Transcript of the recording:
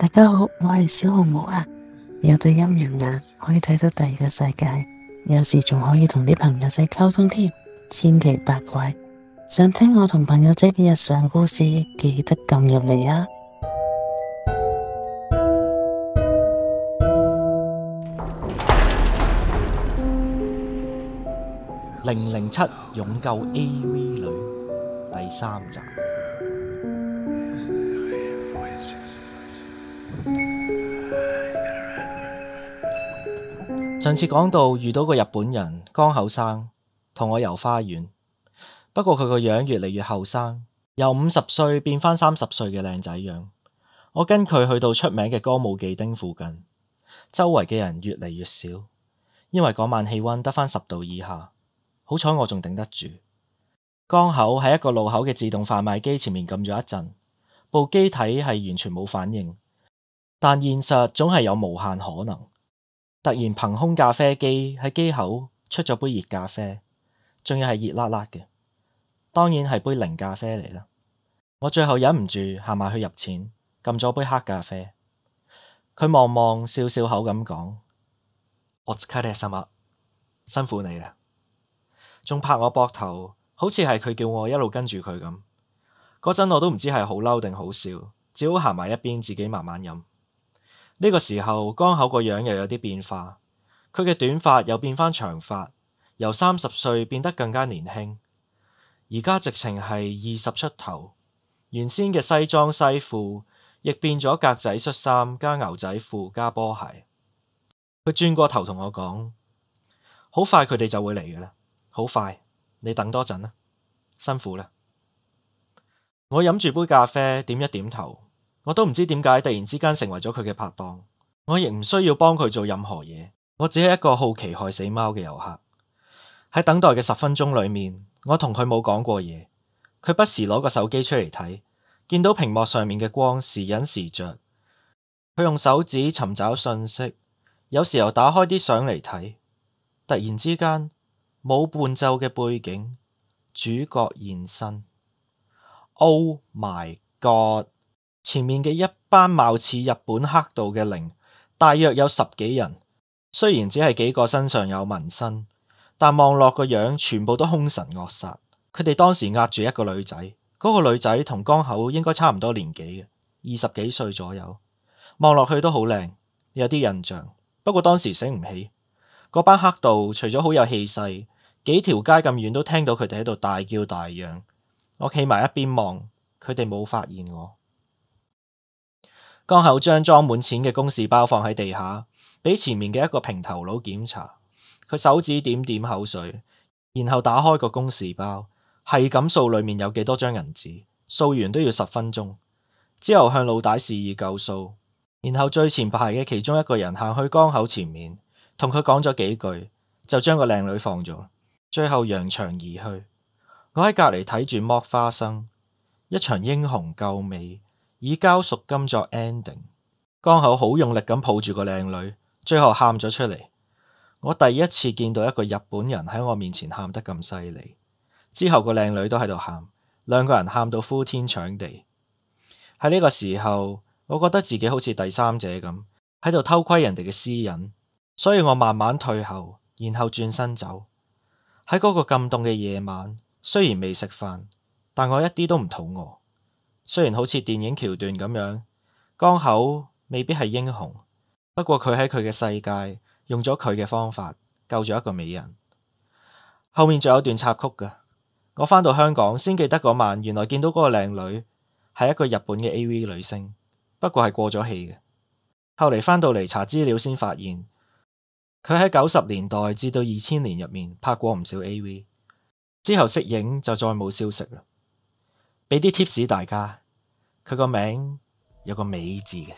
大家好，我係小紅帽啊，有對陰陽眼可以睇到第二個世界，有時仲可以同啲朋友仔溝通添，千奇百怪。想聽我同朋友仔嘅日常故事，記得撳入嚟啊！零零七勇救 AV 女第三集。上次講到遇到個日本人江口生同我遊花園，不過佢個樣越嚟越後生，由五十歲變翻三十歲嘅靚仔樣。我跟佢去到出名嘅歌舞伎町附近，周圍嘅人越嚟越少，因為嗰晚氣溫得返十度以下，好彩我仲頂得住。江口喺一個路口嘅自動販賣機前面撳咗一陣，部機睇係完全冇反應。但現實總係有無限可能。突然憑空咖啡機喺機口出咗杯熱咖啡，仲要係熱辣辣嘅，當然係杯靈咖啡嚟啦。我最後忍唔住行埋去入錢，撳咗杯黑咖啡。佢望望，笑笑口咁講：「お疲れ様」，辛苦你啦，仲拍我膊頭，好似係佢叫我一路跟住佢咁。嗰陣我都唔知係好嬲定好笑，只好行埋一邊自己慢慢飲。呢個時候，江口個樣又有啲變化。佢嘅短髮又變返長髮，由三十歲變得更加年輕。而家直情係二十出頭。原先嘅西裝西褲，亦變咗格仔恤衫加牛仔褲加波鞋。佢轉過頭同我講：「好快佢哋就會嚟嘅啦，好快。你等多陣啦，辛苦啦。」我飲住杯咖啡，點一點頭。我都唔知點解突然之間成為咗佢嘅拍檔，我亦唔需要幫佢做任何嘢，我只係一個好奇害死貓嘅遊客。喺等待嘅十分鐘裏面，我同佢冇講過嘢，佢不時攞個手機出嚟睇，見到屏幕上面嘅光時隱時著，佢用手指尋找信息，有時候打開啲相嚟睇。突然之間，冇伴奏嘅背景，主角現身，Oh my God！前面嘅一班貌似日本黑道嘅靈，大約有十幾人，雖然只係幾個身上有紋身，但望落個樣全部都兇神惡煞。佢哋當時押住一個女仔，嗰個女仔同江口應該差唔多年紀嘅二十幾歲左右，望落去都好靚，有啲印象，不過當時醒唔起。嗰班黑道除咗好有氣勢，幾條街咁遠都聽到佢哋喺度大叫大嚷。我企埋一邊望，佢哋冇發現我。江口將裝滿錢嘅公事包放喺地下，俾前面嘅一個平頭佬檢查。佢手指點點口水，然後打開個公事包，係咁掃裏面有幾多張銀紙，掃完都要十分鐘。之後向老大示意夠數，然後最前排嘅其中一個人行去江口前面，同佢講咗幾句，就將個靚女放咗，最後揚長而去。我喺隔籬睇住剝花生，一場英雄救美。以交熟金作 ending，江好好用力咁抱住個靚女，最後喊咗出嚟。我第一次見到一個日本人喺我面前喊得咁犀利。之後個靚女都喺度喊，兩個人喊到呼天搶地。喺呢個時候，我覺得自己好似第三者咁，喺度偷窺人哋嘅私隱，所以我慢慢退後，然後轉身走。喺嗰個咁凍嘅夜晚，雖然未食飯，但我一啲都唔肚餓。雖然好似電影橋段咁樣，江口未必係英雄，不過佢喺佢嘅世界用咗佢嘅方法救咗一個美人。後面仲有段插曲㗎，我翻到香港先記得嗰晚，原來見到嗰個靚女係一個日本嘅 AV 女星，不過係過咗氣嘅。後嚟翻到嚟查資料先發現，佢喺九十年代至到二千年入面拍過唔少 AV，之後息影就再冇消息啦。俾啲 tips 大家，佢個名有個美字嘅。